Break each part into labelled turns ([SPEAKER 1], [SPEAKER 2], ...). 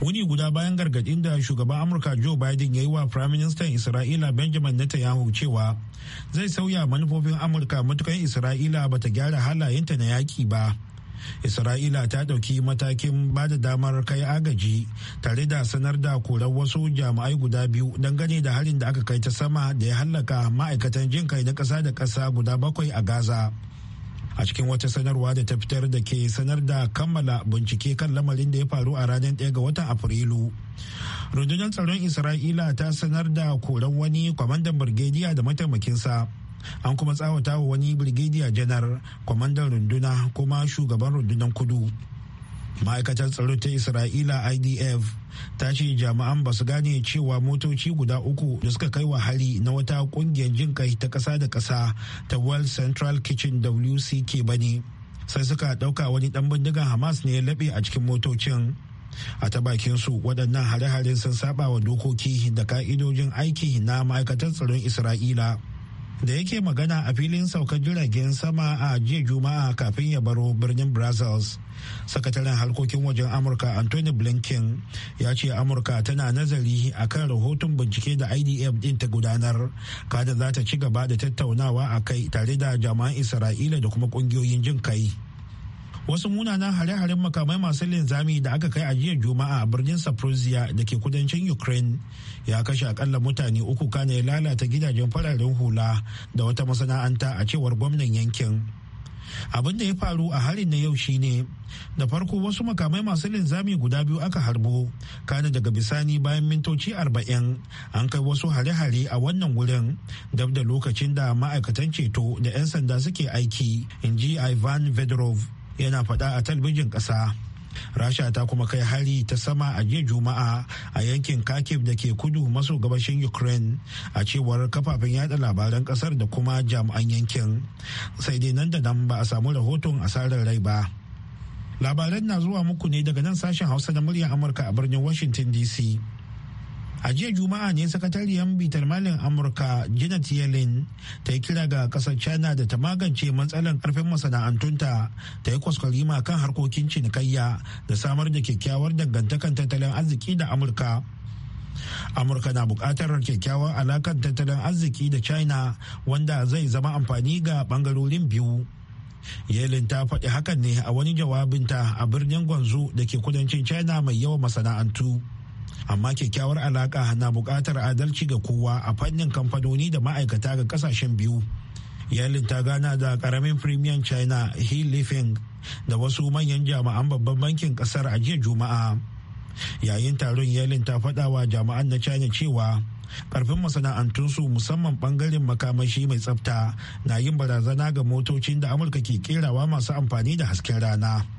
[SPEAKER 1] wuni guda bayan gargadin da shugaban amurka joe biden ya yi wa firaministan isra'ila benjamin netanyahu cewa zai sauya manufofin amurka matukan isra'ila ba ta gyara halayenta na yaki ba isra'ila ta ɗauki matakin ba da damar kai agaji tare da sanar da korar wasu jami'ai guda biyu dangane da harin da aka kai ta sama da ya hallaka ma'aikatan jin kai na ƙasa da ƙasa guda bakwai a gaza a cikin wata sanarwa da ta fitar da ke sanar da kammala bincike kan lamarin da ya faru a ranar 1 ga watan afrilu rundunar tsaron isra'ila ta sanar da koran wani kwamandan birgediya da mataimakinsa an kuma tsawata wa wani birgediya janar kwamandan runduna kuma shugaban rundunar kudu ma'aikatar tsaro ta isra'ila idf ta ce jami'an ba su gane cewa motoci guda uku da suka kai wa hari na wata kungiyar jin kai ta kasa da kasa ta world central kitchen wck ba ne sai suka dauka wani dan bindigan hamas ne ya labe a cikin motocin a ta bakin su waɗannan hare-haren sun saba wa dokoki da ka'idojin aiki na ma'aikatar tsaron isra'ila da yake magana a filin saukar jiragen sama a jiya juma'a kafin ya baro birnin brussels sakataren harkokin wajen amurka anthony blinken ya ce amurka tana nazari a kan rahoton bincike da idf din ta gudanar kada za ta ci gaba da tattaunawa a kai tare da jama'an isra'ila da kuma ƙungiyoyin jin kai wasu munanan hare-haren makamai masu linzami da aka kai a jiya juma'a a birnin saprosia da ke kudancin ukraine ya kashe akalla mutane uku kana ya lalata gidajen fararen hula da wata masana'anta a cewar gwamnan yankin abin da ya faru a harin na yau shine da farko wasu makamai masu linzami guda biyu aka harbo kana daga bisani bayan mintoci arba'in an kai wasu hare-hare a wannan wurin dab da lokacin da ma'aikatan ceto da 'yan sanda suke aiki in ji ivan vedrov yana faɗa a talbijin ƙasa rasha ta kuma kai hari ta sama a jiya juma'a a yankin kakiv da ke kudu maso gabashin ukraine a cewar kafafen yada labaran kasar da kuma jami'an yankin sai dai nan da nan ba a samu rahoton asarar rai ba labaran na zuwa muku ne daga nan sashen hausa na muryar amurka a birnin washington dc a jiya juma'a ne sakatariyar bitar malin amurka janet yellen ta yi kira ga kasar china da ta magance matsalar karfin masana'antunta ta yi kwaskwarima kan harkokin cinikayya da samar da kyakkyawar dangantakan tattalin arziki da amurka amurka na buƙatar kyakkyawar alakar tattalin arziki da china wanda zai zama amfani ga bangarorin biyu yelin ta faɗi hakan ne a wani jawabinta a birnin gwanzu da ke kudancin china mai yawan masana'antu amma kyakkyawar alaka na buƙatar adalci ga kowa a fannin kamfanoni da ma'aikata ga kasashen biyu yalin ta gana da karamin premium china he da wasu manyan jami'an babban bankin kasar a jiya juma'a yayin taron yalin ta faɗa wa jami'an na china cewa karfin masana'antunsu musamman bangaren makamashi mai tsafta na yin barazana ga motocin da amurka ke kerawa masu amfani da hasken rana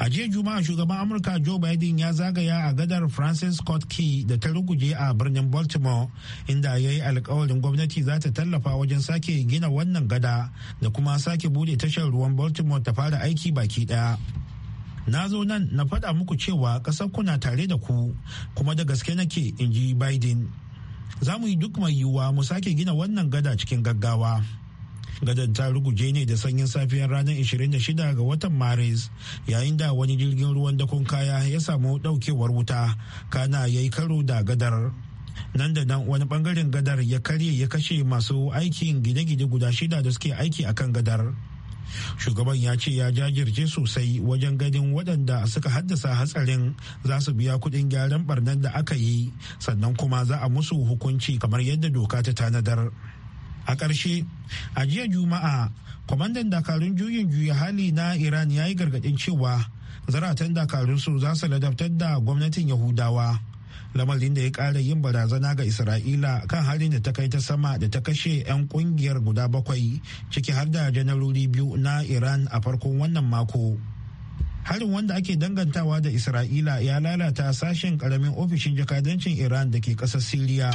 [SPEAKER 1] A jiya Juma'a shugaban Amurka Joe Biden ya zagaya a gadar Francis Scott Key da ta ruguje a birnin Baltimore inda ya yi alkawarin gwamnati za ta tallafa wajen sake gina wannan gada da kuma sake bude tashar ruwan Baltimore ta fara aiki baki daya. Na zo nan na faɗa muku cewa ƙasar kuna tare da ku kuma da gaske nake in ji Biden. Za mu yi duk mai yiwuwa mu sake gina wannan gada cikin gaggawa. gadar ta ruguje ne da sanyin safiyar ranar 26 ga watan maris yayin da wani jirgin ruwan dakon kaya ya samu daukewar wuta kana ya yi karo da gadar nan da nan wani bangaren gadar ya karye ya kashe masu aikin gine-gine guda shida da suke aiki akan gadar shugaban ya ce ya jajirce sosai wajen ganin waɗanda suka haddasa hatsarin za su biya kuɗin gyaran barnan da aka yi sannan kuma za a musu hukunci kamar yadda doka ta tanadar. a ƙarshe a jiya juma'a kwamandan dakarun juyin juya hali na iran ya yi gargaɗin cewa zaratan dakarun su za su ladabtar da gwamnatin yahudawa lamarin da ya ƙara yin barazana ga isra'ila kan halin da ta kai ta sama da ta kashe 'yan ƙungiyar guda bakwai ciki har da janarori biyu na iran a farkon wannan mako harin wanda ake dangantawa da isra'ila ya lalata sashen karamin ofishin jakadancin iran da ke ƙasar siriya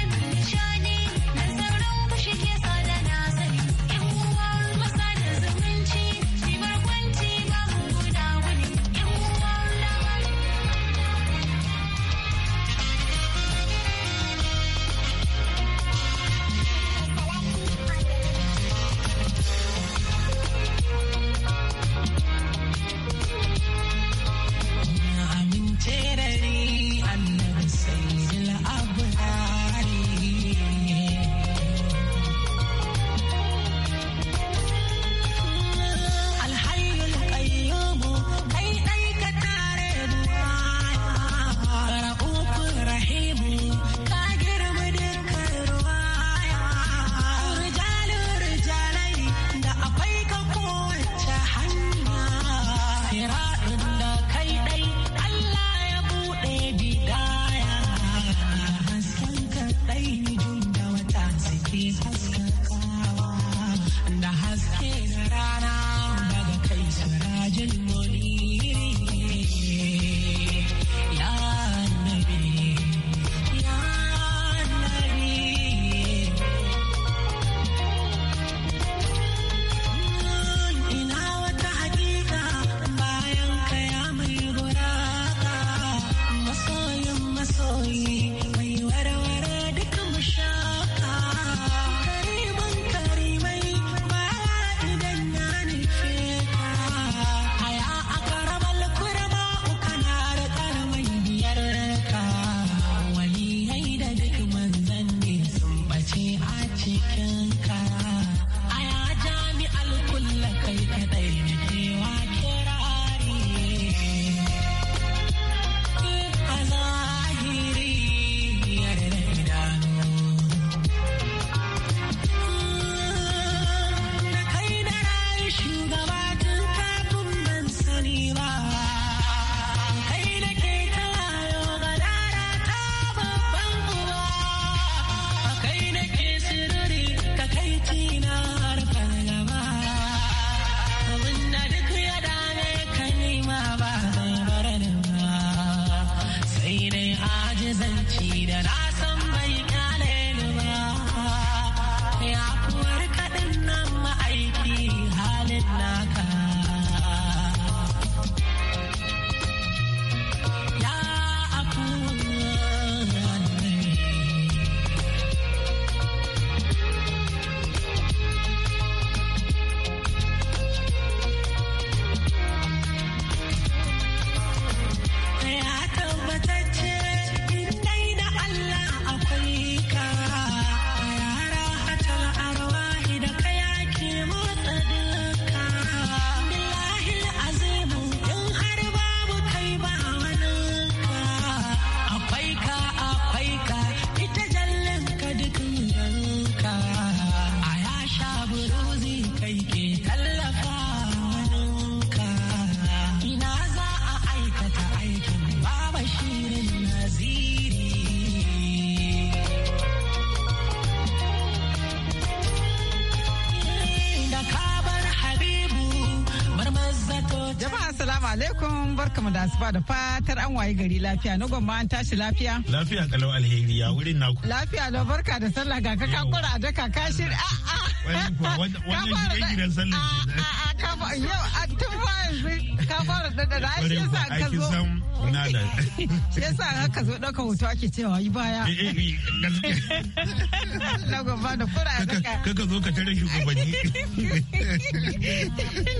[SPEAKER 2] da asuba da fatar an waye gari lafiya na gwamma an tashi lafiya.
[SPEAKER 1] Lafiya kalau alheri ya wurin naku.
[SPEAKER 2] Lafiya lau barka da sallah ga ka kakura a daka kashi a a.
[SPEAKER 1] Wannan gidan sallah. Ah, ah, ah, a a yau
[SPEAKER 2] a tun ba yanzu ka fara dadada shi yasa ka
[SPEAKER 1] zo.
[SPEAKER 2] Shi yasa haka zo ɗauka hoto ake cewa yi baya. Eh,
[SPEAKER 1] eh, eh, na gwamma da kura a daka. Kaka zo ka tare shugabanni.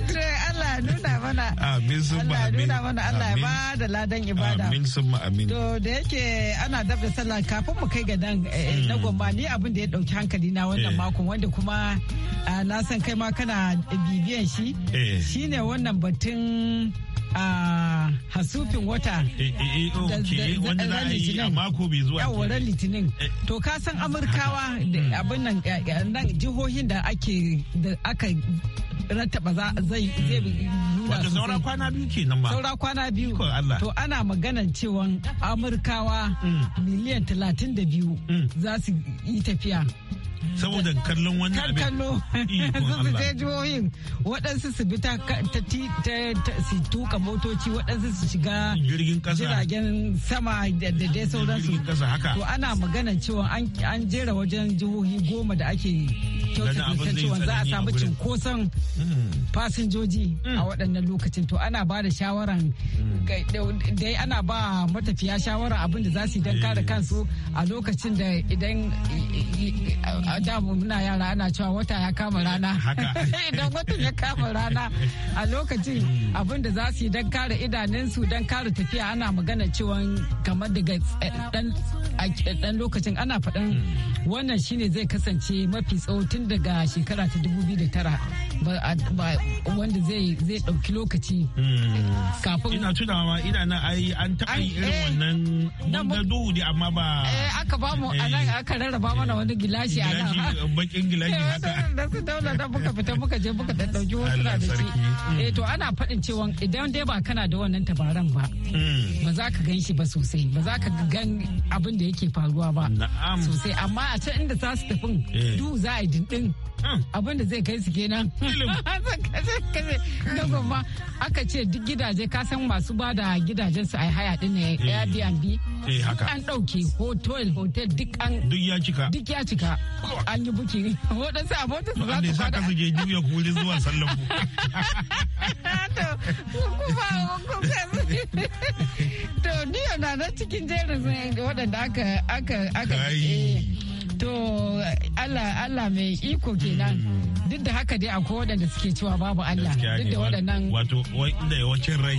[SPEAKER 2] Allah nuna mana amin sun amin Allah mana Allah ya ba da ladan ibada
[SPEAKER 1] amin sun ma amin to
[SPEAKER 2] da yake ana dab da sallah kafin mu kai ga dan eh, eh, na hmm. gomba ni abin da ya dauki hankali na wannan eh. makon wanda kuma ah, na san kai ma kana bibiyan shi shine wannan batun a ah, hasufin wata
[SPEAKER 1] wanda za a yi a mako
[SPEAKER 2] bai zuwa yawon litinin to ka san amurkawa da hmm. abin nan jihohin da aka rattaba zai hmm. nuna su saura kwana biyu kenan ma saura kwana biyu to ana maganan cewa amurkawa mm. miliyan talatin da biyu mm. za su yi tafiya
[SPEAKER 1] saboda kallon wani abin kallo su je
[SPEAKER 2] jihohin waɗansu su bi ta su tuka motoci waɗansu su shiga jiragen sama da dai sauransu to ana magana cewa an jera wajen jihohi goma da ake yauta kusan cewa za a samu cinkoson hmm. fasinjoji a hmm. waɗannan lokacin to ana ba da shawaran hmm. dai ana ba matafiya shawara abin da za su yi don kare eh. kansu a lokacin da idan da muna yara ana cewa wata ya kama rana idan watan ya kama rana a lokacin abin da za su yi don kare idanunsu don kare tafiya ana magana cewa kamar daga dan lokacin ana faɗan wannan shine zai kasance mafi tsawon tun daga shekara ta 2009
[SPEAKER 1] wanda zai zai dauki lokaci hmm. kafin ina tunawa ina na ai an taɓa yi irin eh, wannan mun ga duhu ne amma ba eh, aka ba mu a nan eh. aka rarraba mana
[SPEAKER 2] wani gilashi a nan
[SPEAKER 1] bakin gilashi haka da su daula da muka fita muka je muka dan dauki wasu
[SPEAKER 2] da shi
[SPEAKER 3] hmm.
[SPEAKER 2] eh to ana faɗin cewa idan dai ba kana da wannan tabaran ba hmm. ba za ka gan shi ba sosai ba za ka gan abin da yake faruwa ba sosai amma a can inda za su tafin duhu za a yi din hmm, abin da zai kai su kenan na aka ce duk gidaje ka san masu ba da gidajen su a haya
[SPEAKER 1] din ne eh. Airbnb
[SPEAKER 2] eh, an ɗauke hotel hotel duk an duk ya cika duk ya
[SPEAKER 1] cika an yi buki sa abota su za su kwada su je juya kuri zuwa sallan ku
[SPEAKER 3] to
[SPEAKER 2] ni yana na cikin jerin waɗanda aka aka aka to Allah Allah mai iko kenan mm-hmm. duk da haka dai akwai waɗanda suke cewa babu
[SPEAKER 1] Allah duk da waɗannan wato da yawancin rai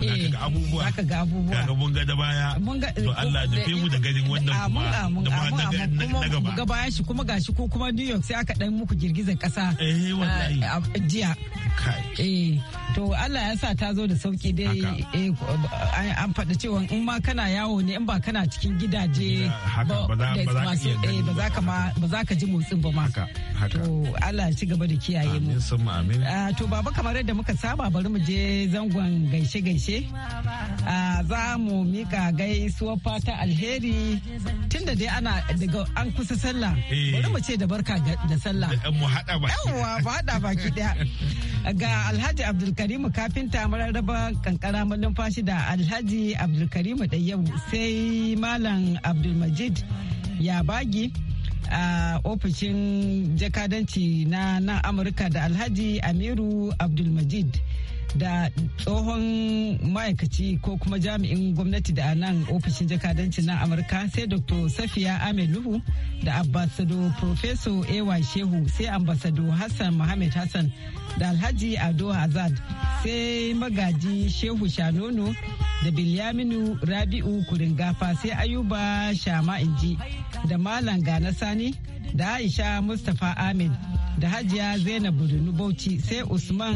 [SPEAKER 1] zaka ga eh, abubuwa zaka ga abubuwa kaga mun ga da baya to eh, Allah da mu da eh, ganin wannan kuma da ba na gaba ga
[SPEAKER 2] bayan shi kuma gashi ko kuma New York sai aka dan muku girgizar kasa eh wallahi ah, jiya eh to Allah ya sa ta zo da sauki dai an faɗi cewa in ma kana yawo ne in ba kana cikin gidaje ba za ka ji motsin ba ma to Allah ya ci gaba da kiyaye mu ah, to baba kamar yadda muka saba bari mu je zangon gaishe gaishe a za mu mika gaisuwar fata alheri da dai ana daga an kusa sallah eh. bari mu ce da barka da sallah mu hada baki yawa ba hada baki daya ga alhaji abdulkarimu kafinta mararraba kankara malumfashi da alhaji abdulkarimu yau sai malam abdulmajid ya bagi a ofishin jakadanci na nan amurka da alhaji amiru abdulmajid da tsohon ma'aikaci ko kuma jami'in gwamnati da nan ofishin jakadanci na amurka sai dr safiya ahmed nuhu da ambasado professor ewa shehu sai ambasado hassan mohammed hassan da alhaji ado azad sai magaji shehu shanono da bilyaminu rabi'u kuringafa sai ayuba shama inji da malam gana sani da aisha mustapha amin da hajiya zainab budunu bauchi sai usman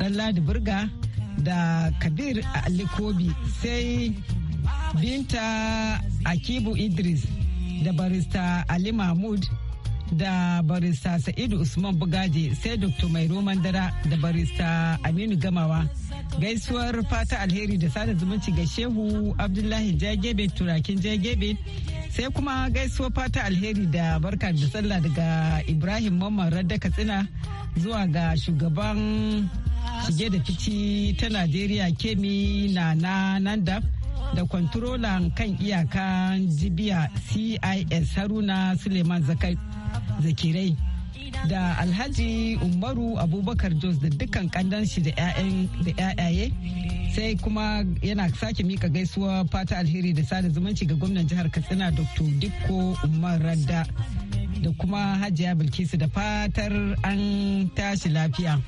[SPEAKER 2] ɗanladi burga da kabir alikobi sai binta akibu idris da barista ali mahmud da barista sa'idu usman bugaje sai dr mai roman da barista aminu gamawa gaisuwar fata alheri da sada zumunci ga shehu abdullahi jagebe turakin jagebe sai kuma gaisuwa fata alheri da barka da sallah daga ibrahim mamman radda katsina zuwa ga shugaban shige da fici ta najeriya kemi na nanda da kwantrolan kan iyakan jibiya cis haruna suleiman zakirai da alhaji umaru abubakar jos da dukkan kandan shi da 'ya'yaye sai kuma yana sake mika gaisuwa fata alheri da sada zumunci ga gwamnan jihar katsina dr dikko umar radda da kuma hajiya bilkisu da fatar an tashi lafiya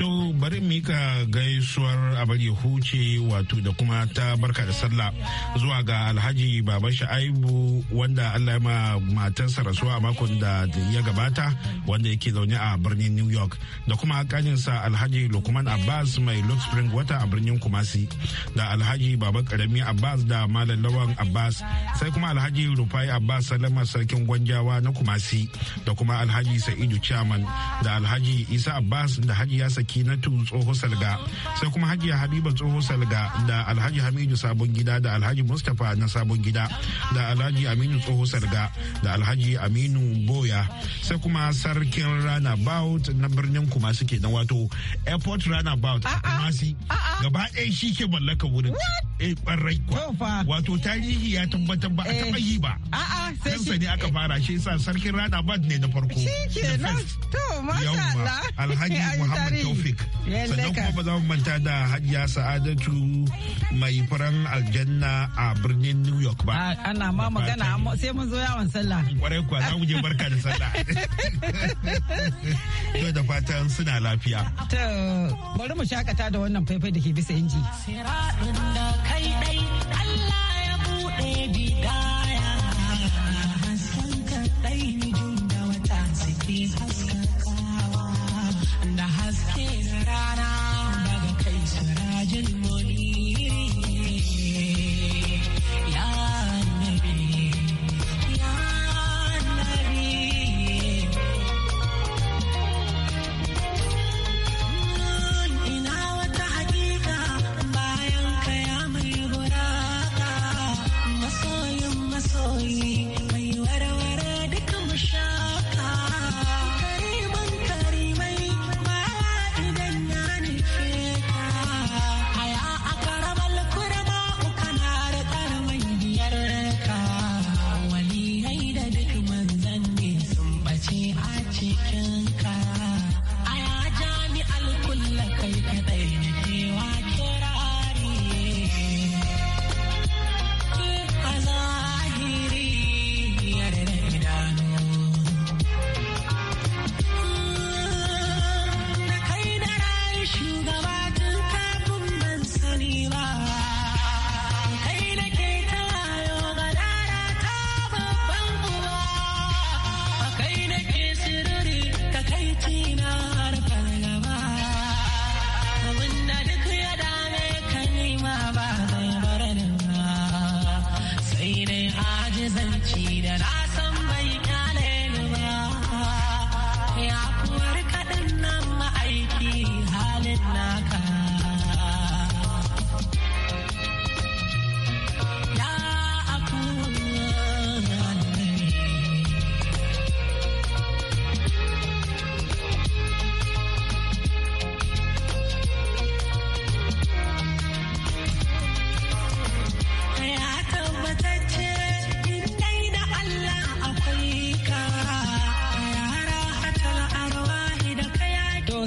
[SPEAKER 1] To bari mika gaisuwar abar huce wato da kuma ta barka da sallah zuwa ga alhaji baba sha'aibu wanda Allah ya ma matarsa rasuwa a makon da ya gabata wanda yake zaune a birnin New York da kuma kaninsa alhaji Lukman Abbas mai Lux Spring wata a birnin Kumasi da alhaji baba karami Abbas da malam Lawan Abbas sai kuma alhaji Rufai Abbas Salama sarkin gwanjawa na Kumasi da kuma alhaji Sa'idu Chairman da alhaji Isa Abbas da ya hajiya sakinatu tsoho salga sai kuma hajiya habiba tsoho salga da alhaji hamidu sabon gida da alhaji mustapha na sabon gida da alhaji aminu tsoho salga da alhaji aminu boya sai kuma sarkin runabout na birnin kuma suke na wato airport runabout a kumasi gaba ɗaya shi ke mallaka wurin eh kwa wato tarihi ya tabbatar ba a eh. taɓa yi ba a'a kansa ne aka fara shi sa sarkin radabad ne na farko shi ke nan
[SPEAKER 2] to masha Allah alhaji muhammad taufik sannan kuma
[SPEAKER 1] ba za mu manta da hajiya sa'adatu mai furan aljanna a birnin new york ba ana ma magana sai mun zo yawon sallah kwarai kuwa za mu je barka da sallah to da fatan suna lafiya
[SPEAKER 2] to bari mu shakata da wannan faifai da ke bisa inji siraɗin da kai ɗai
[SPEAKER 4] Allah ya buɗe diga Angel Money.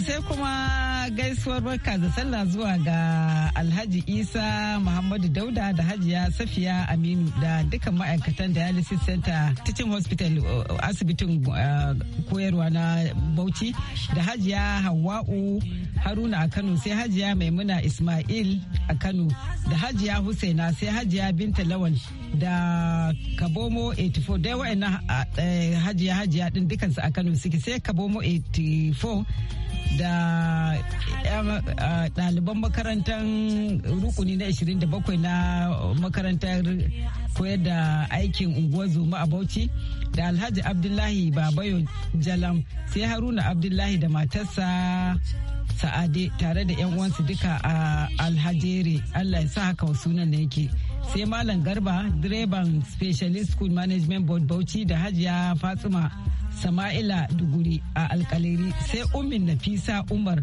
[SPEAKER 4] sai
[SPEAKER 2] kuma gaisuwar barka da sallah zuwa ga Alhaji Isa Muhammadu Dauda da Hajiya Safiya Aminu da dukkan ma'aikatan dialysis center teaching hospital uh, asibitin uh, koyarwa na Bauchi da Hajiya Hawa'u Haruna a Kano sai Hajiya Maimuna Ismail a Kano da Hajiya Husaina sai Hajiya Binta Lawal da Kabomo 84 dai wa'annan uh, eh, Hajiya Hajiya din dukansu a Kano suke sai Kabomo 84 da eh, eh, ɗaliban makarantar rukuni na 27 na makarantar koyar da aikin unguwar Zuma a bauchi da alhaji abdullahi babayo jalam sai haruna abdullahi da matarsa sa'ade tare da 'yan uwansu duka a alhajere allah ya sa haka sunan da yake sai malam garba direban specialist school management board bauchi da hajiya fatsuma Sama'ila Duguri a Alkaleri sai Umin Nafisa Umar,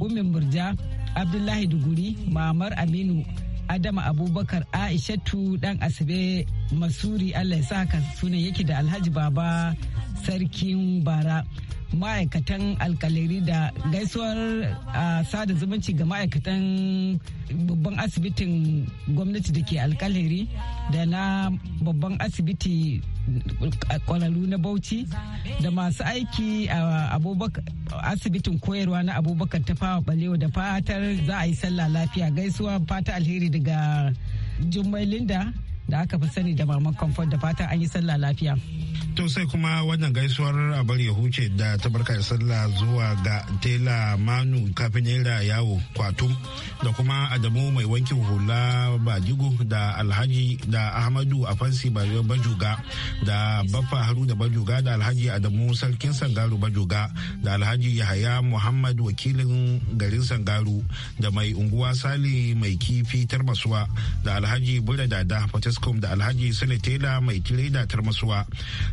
[SPEAKER 2] Umin Murja, Abdullahi Duguri, Mamar Aminu, Adama Abubakar Aishatu dan Asibe Masuri Allah ya saka sunan yake da Alhaji Baba sarkin bara ma'aikatan alkalari da gaisuwar sada zumunci ga ma'aikatan babban asibitin gwamnati da ke alkalari da na babban asibiti kwararru na bauchi da masu aiki a asibitin koyarwa na abubakar ta fawa balewa da fatar za a yi sallah lafiya gaisuwa fata alheri daga jummai linda da aka fi sani da maman comfort da fatan an yi sallah lafiya.
[SPEAKER 1] To sai kuma wannan gaisuwar abar ya huce da tabarkar sallah zuwa ga tela manu kafin yawo kwatum da kuma Adamu mai wankin hula Bajigo da Alhaji da Ahmadu Afansi Bajuga da Baffa da Bajuga da Alhaji Adamu Sarkin Sangaru Bajuga da Alhaji Yahaya Muhammad wakilin garin Sangaru da mai unguwa Sale mai kifi Tarmasuwa da Alhaji Bura Dada potescom da Alhaji Sule Tela mai Tireda Tarmasuwa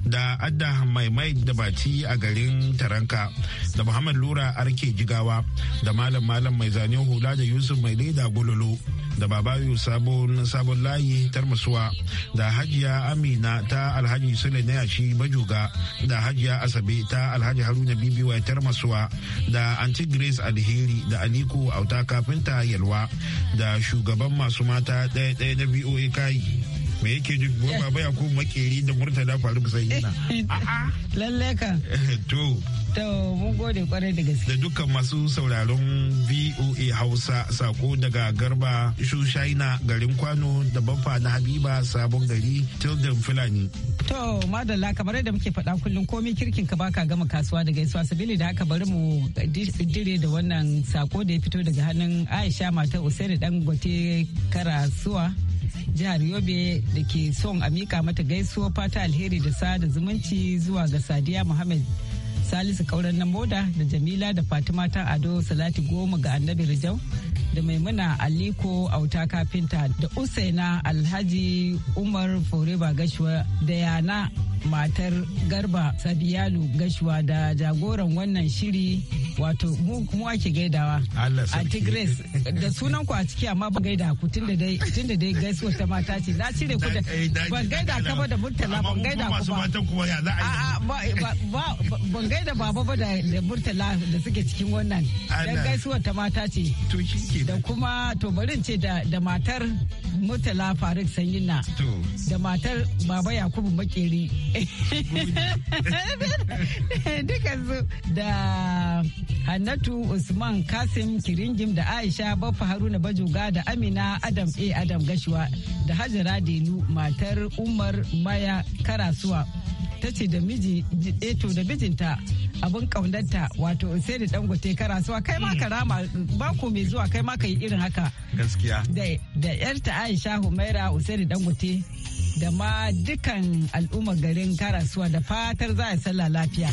[SPEAKER 1] da Adda mai mai da bati a garin Taranka da Muhammad Lura Arke Jigawa da Malam Malam mai zane hula da Yusuf mai leda bololo da babayu sabon sabon layi tarmasuwa da hajiya amina ta alhaji sule na yashi bajuga da hajiya asabe ta alhaji haruna bibiwa tarmasuwa da anti grace alheri da aliko auta kafinta yalwa da shugaban masu mata ɗaya ɗaya na voa kai me yake duk baba ya ko makeri da murtala faruk sayyina a'a
[SPEAKER 2] lalle ka
[SPEAKER 1] eh, to To gode kwarai da gaske. Da dukkan masu sauraron VOA Hausa sako daga Garba Shushaina garin Kwano da Bamfa na Habiba Sabon Gari Tilden Fulani.
[SPEAKER 2] To madalla kamar yadda muke faɗa kullum komai kirkin ka baka gama kasuwa da gaisuwa sabili da aka bari mu dire da wannan sako da ya fito daga hannun Aisha matar Usaini kara Karasuwa. jihar yobe da ke son a mika mata gaisuwa fata alheri da sada zumunci zuwa ga sadiya muhammad salisu kauran na moda da jamila da fatima ta ado salati goma ga annabi rijau da maimuna aliko auta kafinta da usaina alhaji umar foreba gashuwa da yana matar garba sadiyalu gashuwa da jagoran wannan shiri wato mu ake gaidawa a tigres da sunan ku a ciki amma ba gaida ku tunda dai dai gaisuwar ta mata ce na cire ku da eh, ban gaida ka ba da murtala ban gaida ku ba ban gaida baba ba da murtala da suke cikin wannan dan gaisuwar ta mata ce da kuma to barin ce da matar murtala faruk sanyina da matar baba yakubu makeri su da hannatu usman kasim kiringim da aisha baffa haruna bajoga da amina adam a adam gashuwa da hajara delu matar umar maya karasuwa ta ce da miji eto eh da mijinta abin kaunarta wato sai da dangote karasuwa kai ma ka rama bako mai zuwa kai ma ka yi irin haka gaskiya da yarta aisha humaira usaini dangote da ma dukan al'ummar garin karasuwa da fatar za a sallah lafiya.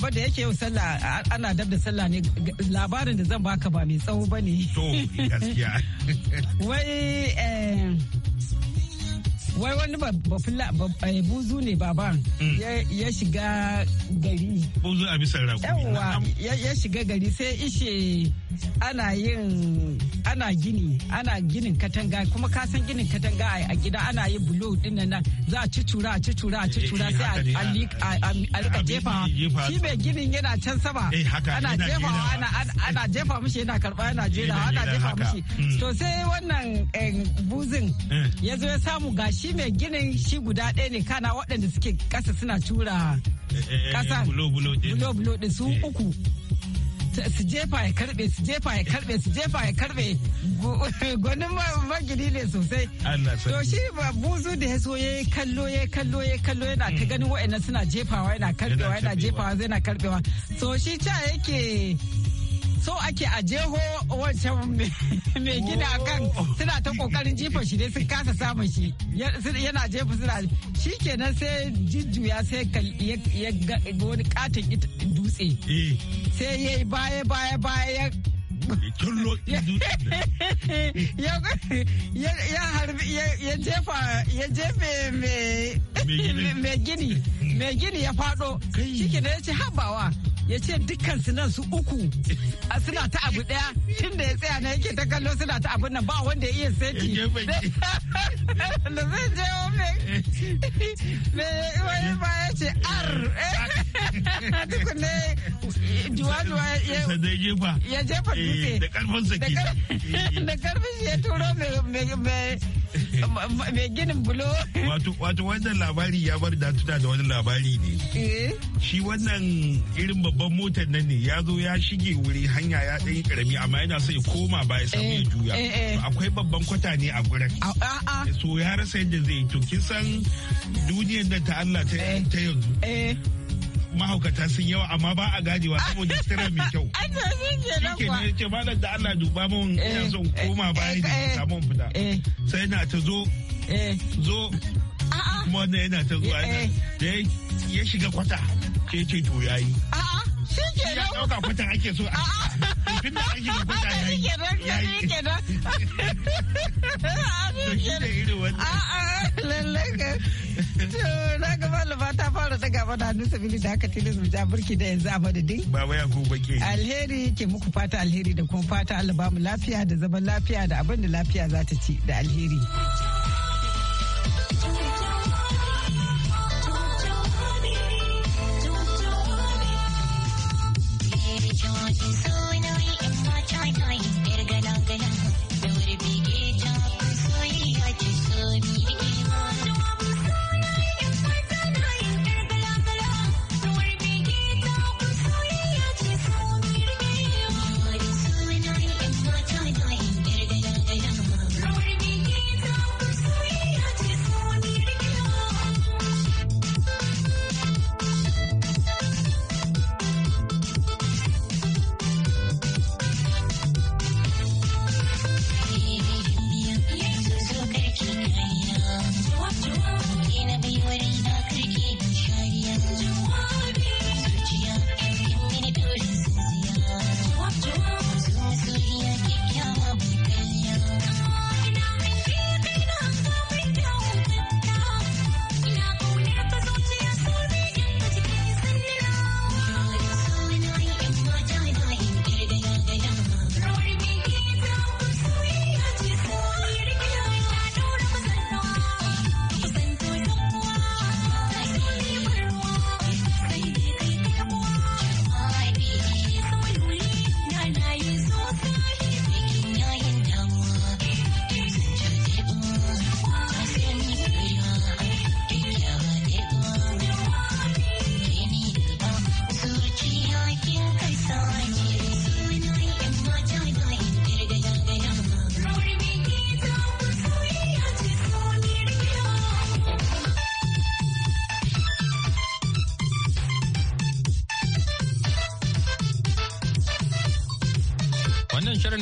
[SPEAKER 2] baba da yake yau sallah ana dab da sallah ne labarin da zan baka ba mai tsawo bane to gaskiya wai eh, wai wani bafula buzu ne baban mm. ya shiga gari
[SPEAKER 1] buzu a bisa rakumi yawa
[SPEAKER 2] ya shiga gari sai ishe ana yin ana gini ana ginin katanga kuma ka san ginin katanga a gida ana yi bulo din nan za a cicura a cicura a eh, cicura eh, sai a rika jefa shi mai ginin yana can sama eh, ana jefa ana jefa mushi yana karba yana jera ana jefa mushi mm. to sai wannan buzin ya zo ya samu gashi shi mai ginin shi guda ɗaya ne kana waɗanda suke ƙasa suna tura
[SPEAKER 1] ƙasa bulo-bulo eh, eh,
[SPEAKER 2] eh, ɗin su uku su jefa ya karbe su jefa ya karbe su jefa ya karbe gwanin magiri ne sosai to shi buzu da ya so ya yi kallo ya kallo ya kallo yana ta hmm. ganin wa'ina suna jefawa yana karbewa yana jefawa zai na karbewa so shi ta yake so ake a jeho wancan mai gida oh. kan suna ta kokarin jifa shi dai sun kasa samun shi yana jefa suna shi kenan sai jujjuya sai ya ga wani katin dutse eh. sai ya yi baya baya baya ya jefa ya jefe mai gini mai gini ya fado shi kenan ya ce habawa ya ce dukkan su nan su uku a suna ta abu daya tun da ya tsaya na yake ta kallo suna ta abu nan ba wanda ya iya seti da zai je ome me wani ba ya ce ar tukunne juwa-juwa ya jefa dutse eh, da
[SPEAKER 1] karfin shi ya turo mai mai ginin bulo. Wato wannan labari ya bar da tuna da wani labari ne. Eh. Shi wannan irin babban motar nan ne ya zo ya shige wuri hanya ya ɗanyi karami amma yana so ya koma baya samu ya eh, juya. Eh, akwai babban kwata ne a gurin. So ya rasa yadda zai yi to kin san duniyar da ta Allah ta yanzu. mahaukata sun yawa amma ba a gajewa saboda sutura mai kyau. Shi ke ne ce malam da Allah duba mun eh, ina eh, koma bayan da ta fita. Eh. Sai na ta zo. Zo. Kuma wannan yana ta zuwa da ya shiga kwata. Ke ce to yayi. Shi ke Ya ɗauka kwata ake so a. tun da ake yi. Shi ke
[SPEAKER 2] A'a Na ga malama ta fara daga mana hannun sabili da haka tilis mu ja burki da yanzu a madadin. Ba waya Alheri ke muku fata alheri da kuma fata Allah ba mu lafiya da zaman lafiya da abin da lafiya za ta ci da alheri.